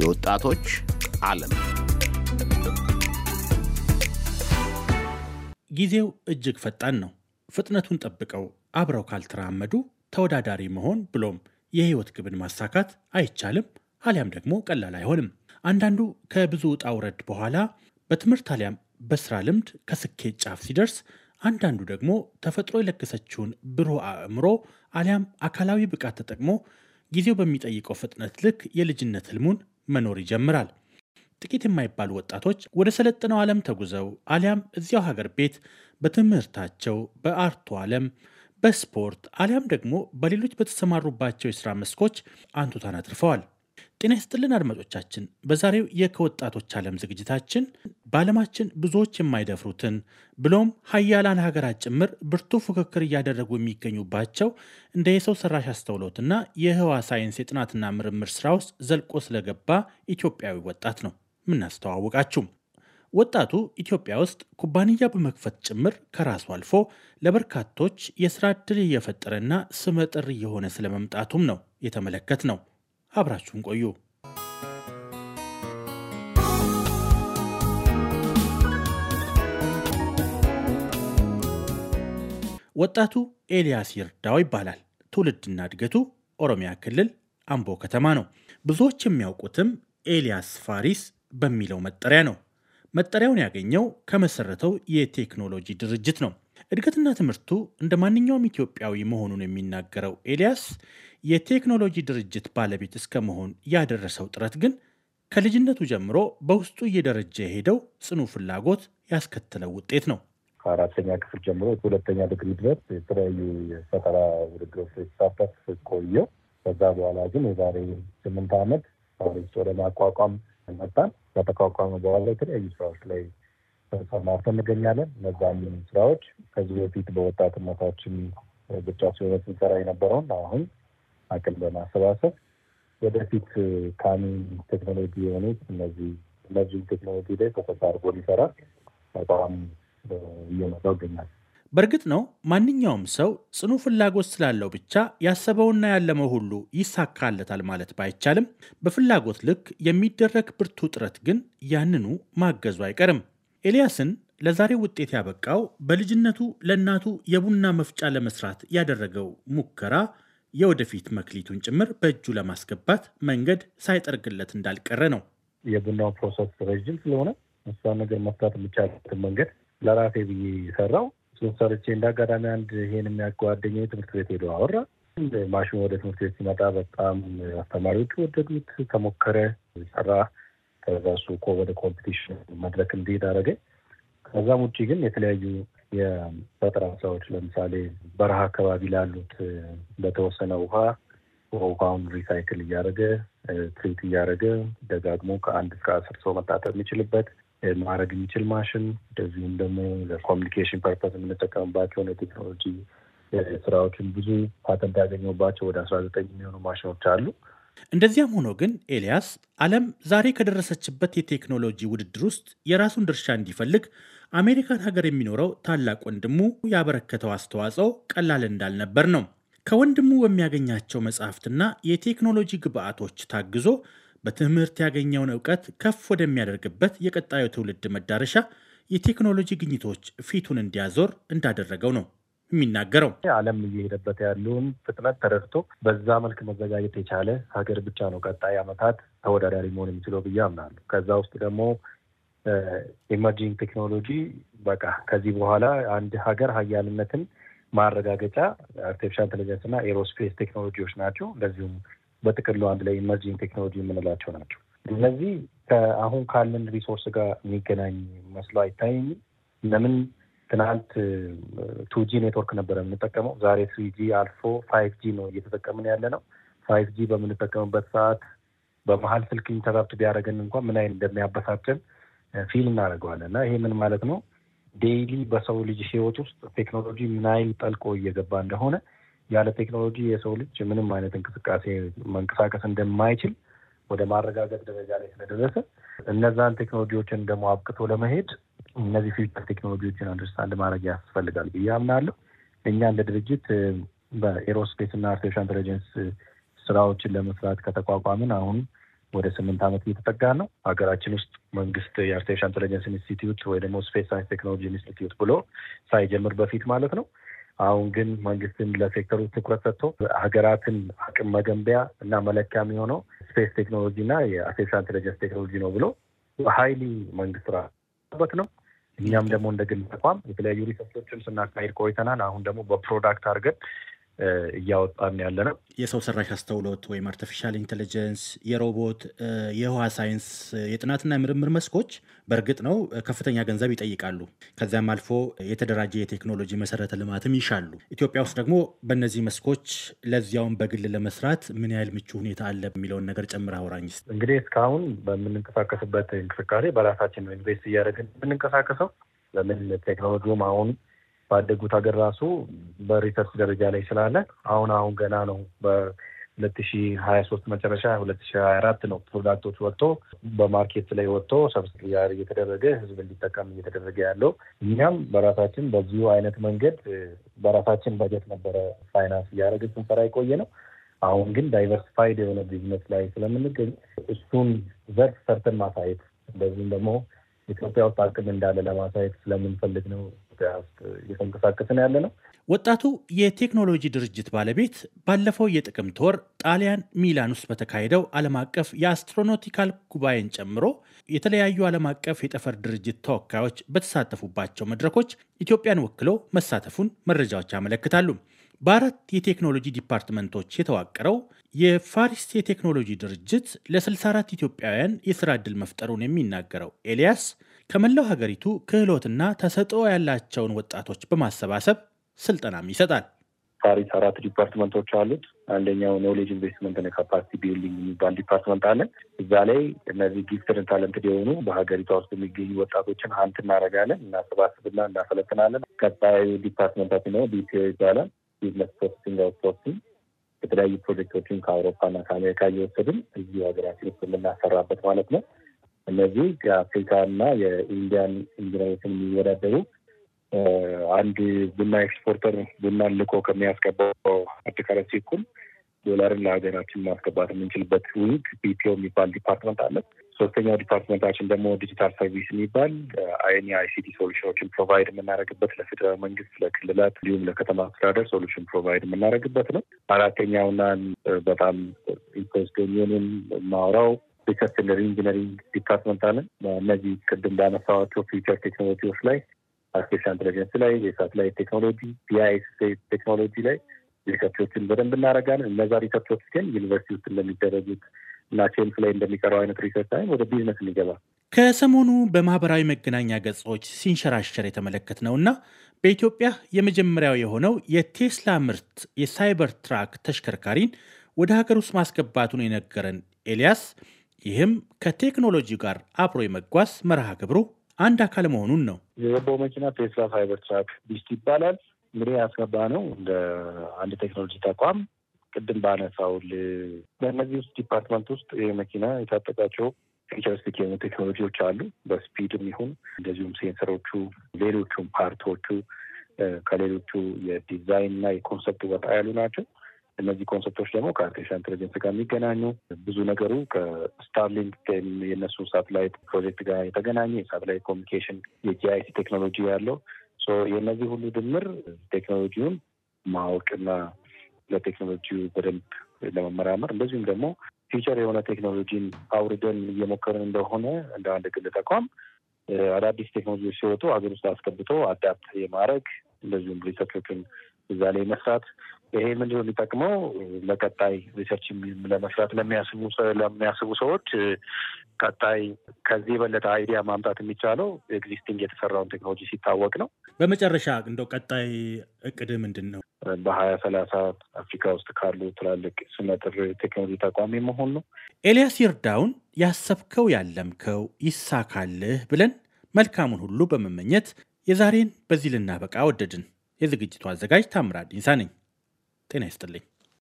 የወጣቶች ዓለም ጊዜው እጅግ ፈጣን ነው። ፍጥነቱን ጠብቀው አብረው ካልተራመዱ ተወዳዳሪ መሆን ብሎም የህይወት ግብን ማሳካት አይቻልም፣ አሊያም ደግሞ ቀላል አይሆንም። አንዳንዱ ከብዙ ውጣ ውረድ በኋላ በትምህርት አሊያም በስራ ልምድ ከስኬት ጫፍ ሲደርስ፣ አንዳንዱ ደግሞ ተፈጥሮ የለገሰችውን ብሩህ አእምሮ አሊያም አካላዊ ብቃት ተጠቅሞ ጊዜው በሚጠይቀው ፍጥነት ልክ የልጅነት ህልሙን መኖር ይጀምራል። ጥቂት የማይባሉ ወጣቶች ወደ ሰለጠነው ዓለም ተጉዘው አሊያም እዚያው ሀገር ቤት በትምህርታቸው፣ በአርቶ ዓለም፣ በስፖርት አሊያም ደግሞ በሌሎች በተሰማሩባቸው የሥራ መስኮች አንቱታን አትርፈዋል። ጤና ይስጥልን አድማጮቻችን፣ በዛሬው የከወጣቶች ዓለም ዝግጅታችን በዓለማችን ብዙዎች የማይደፍሩትን ብሎም ሀያላን ሀገራት ጭምር ብርቱ ፉክክር እያደረጉ የሚገኙባቸው እንደ የሰው ሰራሽ አስተውሎትና የህዋ ሳይንስ የጥናትና ምርምር ስራ ውስጥ ዘልቆ ስለገባ ኢትዮጵያዊ ወጣት ነው ምናስተዋውቃችሁ። ወጣቱ ኢትዮጵያ ውስጥ ኩባንያ በመክፈት ጭምር ከራሱ አልፎ ለበርካቶች የስራ ዕድል እየፈጠረና ስመጥር እየሆነ ስለመምጣቱም ነው የተመለከት ነው። አብራችሁን ቆዩ። ወጣቱ ኤልያስ ይርዳው ይባላል። ትውልድና እድገቱ ኦሮሚያ ክልል አምቦ ከተማ ነው። ብዙዎች የሚያውቁትም ኤልያስ ፋሪስ በሚለው መጠሪያ ነው። መጠሪያውን ያገኘው ከመሰረተው የቴክኖሎጂ ድርጅት ነው። እድገትና ትምህርቱ እንደ ማንኛውም ኢትዮጵያዊ መሆኑን የሚናገረው ኤልያስ የቴክኖሎጂ ድርጅት ባለቤት እስከመሆን ያደረሰው ጥረት ግን ከልጅነቱ ጀምሮ በውስጡ እየደረጀ የሄደው ጽኑ ፍላጎት ያስከተለው ውጤት ነው። ከአራተኛ ክፍል ጀምሮ ሁለተኛ ድግሪ ድረስ የተለያዩ የፈጠራ ውድድሮች ሲሳተፍ ቆየው። ከዛ በኋላ ግን የዛሬ ስምንት ዓመት ሪስ ወደ ማቋቋም መጣን። ከተቋቋመ በኋላ የተለያዩ ስራዎች ላይ ተሰማርተን እንገኛለን። እነዛም ስራዎች ከዚህ በፊት በወጣትነታችን ብቻ ሲሆነ ስንሰራ የነበረውን አሁን አቅም በማሰባሰብ ወደፊት ካሚ ቴክኖሎጂ የሆኑት እነዚህ ኢመርጂንግ ቴክኖሎጂ ላይ ፎከስ አድርጎ ሊሰራ በጣም እየመጣው ይገኛል። በእርግጥ ነው ማንኛውም ሰው ጽኑ ፍላጎት ስላለው ብቻ ያሰበውና ያለመው ሁሉ ይሳካለታል ማለት ባይቻልም በፍላጎት ልክ የሚደረግ ብርቱ ጥረት ግን ያንኑ ማገዙ አይቀርም። ኤልያስን ለዛሬው ውጤት ያበቃው በልጅነቱ ለእናቱ የቡና መፍጫ ለመስራት ያደረገው ሙከራ የወደፊት መክሊቱን ጭምር በእጁ ለማስገባት መንገድ ሳይጠርግለት እንዳልቀረ ነው። የቡናው ፕሮሰስ ረዥም ስለሆነ እሷን ነገር መፍታት የምቻለበትን መንገድ ለራሴ ብዬ ሰራው። እሱን ሰርቼ እንደ አጋጣሚ አንድ ይሄን የሚያጓደኘ ትምህርት ቤት ሄዶ አወራ። ማሽኑ ወደ ትምህርት ቤት ሲመጣ በጣም አስተማሪዎቹ ወደዱት። ተሞከረ፣ ሰራ። ከዛ እሱ እኮ ወደ ኮምፒቲሽን መድረክ እንዲሄድ አደረገኝ። ከዛም ውጭ ግን የተለያዩ የፈጠራ ስራዎች ለምሳሌ በረሃ አካባቢ ላሉት በተወሰነ ውሃ ውሃውን ሪሳይክል እያደረገ ትሪት እያደረገ ደጋግሞ ከአንድ እስከ አስር ሰው መጣጠብ የሚችልበት ማድረግ የሚችል ማሽን እንደዚሁም ደግሞ ለኮሚኒኬሽን ፐርፐስ የምንጠቀምባቸውን የቴክኖሎጂ ስራዎችን ብዙ ፓተንት ያገኘባቸው ወደ አስራ ዘጠኝ የሚሆኑ ማሽኖች አሉ። እንደዚያም ሆኖ ግን ኤልያስ ዓለም ዛሬ ከደረሰችበት የቴክኖሎጂ ውድድር ውስጥ የራሱን ድርሻ እንዲፈልግ አሜሪካን ሀገር የሚኖረው ታላቅ ወንድሙ ያበረከተው አስተዋጽኦ ቀላል እንዳልነበር ነው። ከወንድሙ በሚያገኛቸው መጽሐፍትና የቴክኖሎጂ ግብዓቶች ታግዞ በትምህርት ያገኘውን እውቀት ከፍ ወደሚያደርግበት የቀጣዩ ትውልድ መዳረሻ የቴክኖሎጂ ግኝቶች ፊቱን እንዲያዞር እንዳደረገው ነው የሚናገረው ዓለም እየሄደበት ያለውን ፍጥነት ተረድቶ በዛ መልክ መዘጋጀት የቻለ ሀገር ብቻ ነው ቀጣይ ዓመታት ተወዳዳሪ መሆን የሚችለው ብዬ አምናለሁ። ከዛ ውስጥ ደግሞ ኢመርጂንግ ቴክኖሎጂ በቃ ከዚህ በኋላ አንድ ሀገር ሀያልነትን ማረጋገጫ አርቲፊሻል ኢንቴሊጀንስ እና ኤሮስፔስ ቴክኖሎጂዎች ናቸው። እንደዚሁም በጥቅሉ አንድ ላይ ኢመርጂንግ ቴክኖሎጂ የምንላቸው ናቸው። እነዚህ ከአሁን ካለን ሪሶርስ ጋር የሚገናኝ መስሎ አይታይም። ለምን ትናንት ቱጂ ኔትወርክ ነበረ የምንጠቀመው፣ ዛሬ ትሪጂ አልፎ ፋይቭ ጂ ነው እየተጠቀምን ያለ ነው። ፋይቭ ጂ በምንጠቀምበት ሰዓት በመሀል ስልክ ኢንተራፕት ቢያደርገን እንኳን ምን አይነት እንደሚያበሳጭን ፊል እናደርገዋለን እና ይሄ ምን ማለት ነው? ዴይሊ በሰው ልጅ ህይወት ውስጥ ቴክኖሎጂ ምን ያህል ጠልቆ እየገባ እንደሆነ ያለ ቴክኖሎጂ የሰው ልጅ ምንም አይነት እንቅስቃሴ መንቀሳቀስ እንደማይችል ወደ ማረጋገጥ ደረጃ ላይ ስለደረሰ እነዛን ቴክኖሎጂዎችን ደግሞ አብቅቶ ለመሄድ እነዚህ ፊውቸር ቴክኖሎጂዎችን አንደርስታንድ ማድረግ ያስፈልጋል ብዬ አምናለሁ። እኛ እንደ ድርጅት በኤሮስፔስ እና አርቲፊሻል ኢንቴሊጀንስ ስራዎችን ለመስራት ከተቋቋምን አሁን ወደ ስምንት ዓመት እየተጠጋ ነው። ሀገራችን ውስጥ መንግስት የአርቲፊሻል ኢንቴለጀንስ ኢንስቲትዩት ወይ ደግሞ ስፔስ ሳይንስ ቴክኖሎጂ ኢንስቲትዩት ብሎ ሳይጀምር በፊት ማለት ነው። አሁን ግን መንግስትን ለሴክተሩ ትኩረት ሰጥቶ ሀገራትን አቅም መገንቢያ እና መለኪያ የሚሆነው ስፔስ ቴክኖሎጂ እና የአርቲፊሻል ኢንቴለጀንስ ቴክኖሎጂ ነው ብሎ ሀይሊ መንግስት ራበት ነው። እኛም ደግሞ እንደ ግል ተቋም የተለያዩ ሪሰርቾችን ስናካሄድ ቆይተናል። አሁን ደግሞ በፕሮዳክት አድርገን እያወጣን ያለ ነው። የሰው ሰራሽ አስተውሎት ወይም አርቲፊሻል ኢንቴሊጀንስ፣ የሮቦት፣ የውሃ ሳይንስ የጥናትና የምርምር መስኮች በእርግጥ ነው ከፍተኛ ገንዘብ ይጠይቃሉ። ከዚያም አልፎ የተደራጀ የቴክኖሎጂ መሰረተ ልማትም ይሻሉ። ኢትዮጵያ ውስጥ ደግሞ በእነዚህ መስኮች ለዚያውን በግል ለመስራት ምን ያህል ምቹ ሁኔታ አለ የሚለውን ነገር ጨምር አውራኝስ። እንግዲህ እስካሁን በምንንቀሳቀስበት እንቅስቃሴ በራሳችን ኢንቨስት እያደረግን የምንንቀሳቀሰው ለምን ቴክኖሎጂውም አሁን ባደጉት ሀገር ራሱ በሪሰርች ደረጃ ላይ ስላለ አሁን አሁን ገና ነው ሁለት ሺ ሀያ ሶስት መጨረሻ ሁለት ሺ ሀያ አራት ነው ፕሮዳክቶች ወጥቶ በማርኬት ላይ ወጥቶ ሰብስያር እየተደረገ ህዝብ እንዲጠቀም እየተደረገ ያለው። እኛም በራሳችን በዚሁ አይነት መንገድ በራሳችን በጀት ነበረ ፋይናንስ እያደረግን ስንሰራ የቆየ ነው። አሁን ግን ዳይቨርሲፋይድ የሆነ ቢዝነስ ላይ ስለምንገኝ እሱን ዘርፍ ሰርተን ማሳየት እንደዚሁም ደግሞ ኢትዮጵያ ውስጥ አቅም እንዳለ ለማሳየት ስለምንፈልግ ነው ኢትዮጵያ ውስጥ እየተንቀሳቀስን ያለ ነው። ወጣቱ የቴክኖሎጂ ድርጅት ባለቤት ባለፈው የጥቅምት ወር ጣሊያን ሚላን ውስጥ በተካሄደው ዓለም አቀፍ የአስትሮኖቲካል ጉባኤን ጨምሮ የተለያዩ ዓለም አቀፍ የጠፈር ድርጅት ተወካዮች በተሳተፉባቸው መድረኮች ኢትዮጵያን ወክሎ መሳተፉን መረጃዎች ያመለክታሉ። በአራት የቴክኖሎጂ ዲፓርትመንቶች የተዋቀረው የፋሪስ የቴክኖሎጂ ድርጅት ለ64 ኢትዮጵያውያን የስራ ዕድል መፍጠሩን የሚናገረው ኤልያስ ከመላው ሀገሪቱ ክህሎትና ተሰጥኦ ያላቸውን ወጣቶች በማሰባሰብ ስልጠናም ይሰጣል። ፓሪስ አራት ዲፓርትመንቶች አሉት። አንደኛው ኖሌጅ ኢንቨስትመንት እና ካፓሲቲ ቢልዲንግ የሚባል ዲፓርትመንት አለ። እዛ ላይ እነዚህ ጊፍትን ታለንት የሆኑ በሀገሪቷ ውስጥ የሚገኙ ወጣቶችን ሀንት እናደርጋለን፣ እናሰባስብና እናሰለጥናለን። ቀጣዩ ዲፓርትመንታችን ነው ቢቲዮ ይባላል። ቢዝነስ ፕሮሰሲንግ አውትሶርሲንግ የተለያዩ ፕሮጀክቶችን ከአውሮፓና ከአሜሪካ እየወሰድን እዚህ ሀገራችን ውስጥ የምናሰራበት ማለት ነው። እነዚህ የአፍሪካ እና የኢንዲያን ኢንጂነሮችን የሚወዳደሩ አንድ ቡና ኤክስፖርተር ቡናን ልኮ ከሚያስገባው አዲካረሲ እኩል ዶላርን ለሀገራችን ማስገባት የምንችልበት ውህድ ቢፒኦ የሚባል ዲፓርትመንት አለ። ሶስተኛው ዲፓርትመንታችን ደግሞ ዲጂታል ሰርቪስ የሚባል አይኒ አይሲቲ ሶሉሽኖችን ፕሮቫይድ የምናደርግበት ለፌዴራል መንግስት፣ ለክልላት እንዲሁም ለከተማ አስተዳደር ሶሉሽን ፕሮቫይድ የምናደርግበት ነው። አራተኛውና በጣም ኢንትረስት ማውራው ሪሰርች ሪሰርችና ኢንጂነሪንግ ዲፓርትመንት አለን። እነዚህ ቅድም ባነሳኋቸው ፊውቸር ቴክኖሎጂዎች ላይ አርቲፊሻል ኢንቴሊጀንስ ላይ፣ የሳትላይት ቴክኖሎጂ፣ የአይ ቴክኖሎጂ ላይ ሪሰርቾችን በደንብ እናደርጋለን። እነዛ ሪሰርቾች ግን ዩኒቨርሲቲ ውስጥ እንደሚደረጉት እና ቼምስ ላይ እንደሚቀረው አይነት ሪሰርች ላይ ወደ ቢዝነስ የሚገባ ከሰሞኑ በማህበራዊ መገናኛ ገጾች ሲንሸራሸር የተመለከት ነው እና በኢትዮጵያ የመጀመሪያው የሆነው የቴስላ ምርት የሳይበር ትራክ ተሽከርካሪን ወደ ሀገር ውስጥ ማስገባቱን የነገረን ኤልያስ ይህም ከቴክኖሎጂ ጋር አብሮ የመጓዝ መርሃ ግብሩ አንድ አካል መሆኑን ነው። የዘቦ መኪና ቴስላ ፋይበር ትራክ ቢስት ይባላል። እንግዲህ ያስገባ ነው እንደ አንድ ቴክኖሎጂ ተቋም ቅድም ባነሳውል በእነዚህ ውስጥ ዲፓርትመንት ውስጥ ይህ መኪና የታጠቃቸው ፊቸሪስቲክ የሆኑ ቴክኖሎጂዎች አሉ። በስፒድም ይሁን እንደዚሁም ሴንሰሮቹ፣ ሌሎቹም ፓርቶቹ ከሌሎቹ የዲዛይን እና የኮንሰፕት ወጣ ያሉ ናቸው። እነዚህ ኮንሰፕቶች ደግሞ ከአርቲፊሻል ኢንቴሊጀንስ ጋር የሚገናኙ ብዙ ነገሩ ከስታርሊንክ የእነሱ ሳትላይት ፕሮጀክት ጋር የተገናኘ የሳትላይት ኮሚኒኬሽን የጂአይሲ ቴክኖሎጂ ያለው የእነዚህ ሁሉ ድምር ቴክኖሎጂውን ማወቅና ለቴክኖሎጂው በደንብ ለመመራመር እንደዚሁም ደግሞ ፊውቸር የሆነ ቴክኖሎጂን አውርደን እየሞከርን እንደሆነ እንደ አንድ ግል ተቋም አዳዲስ ቴክኖሎጂዎች ሲወጡ ሀገር ውስጥ አስገብቶ አዳፕት የማድረግ እንደዚሁም ሪሰርቾችን እዛ ላይ መስራት ይሄ ምንድነው የሚጠቅመው? ለቀጣይ ሪሰርች ለመስራት ለሚያስቡ ለሚያስቡ ሰዎች ቀጣይ ከዚህ የበለጠ አይዲያ ማምጣት የሚቻለው ኤግዚስቲንግ የተሰራውን ቴክኖሎጂ ሲታወቅ ነው። በመጨረሻ እንደው ቀጣይ እቅድ ምንድን ነው? በሀያ ሰላሳ አፍሪካ ውስጥ ካሉ ትላልቅ ስመጥር ቴክኖሎጂ ተቋሚ መሆን ነው። ኤልያስ ይርዳውን ያሰብከው ያለምከው ይሳካልህ ብለን መልካሙን ሁሉ በመመኘት የዛሬን በዚህ ልናበቃ ወደድን። የዝግጅቱ አዘጋጅ ታምራት ዲንሳ ነኝ። ጤና ይስጥልኝ።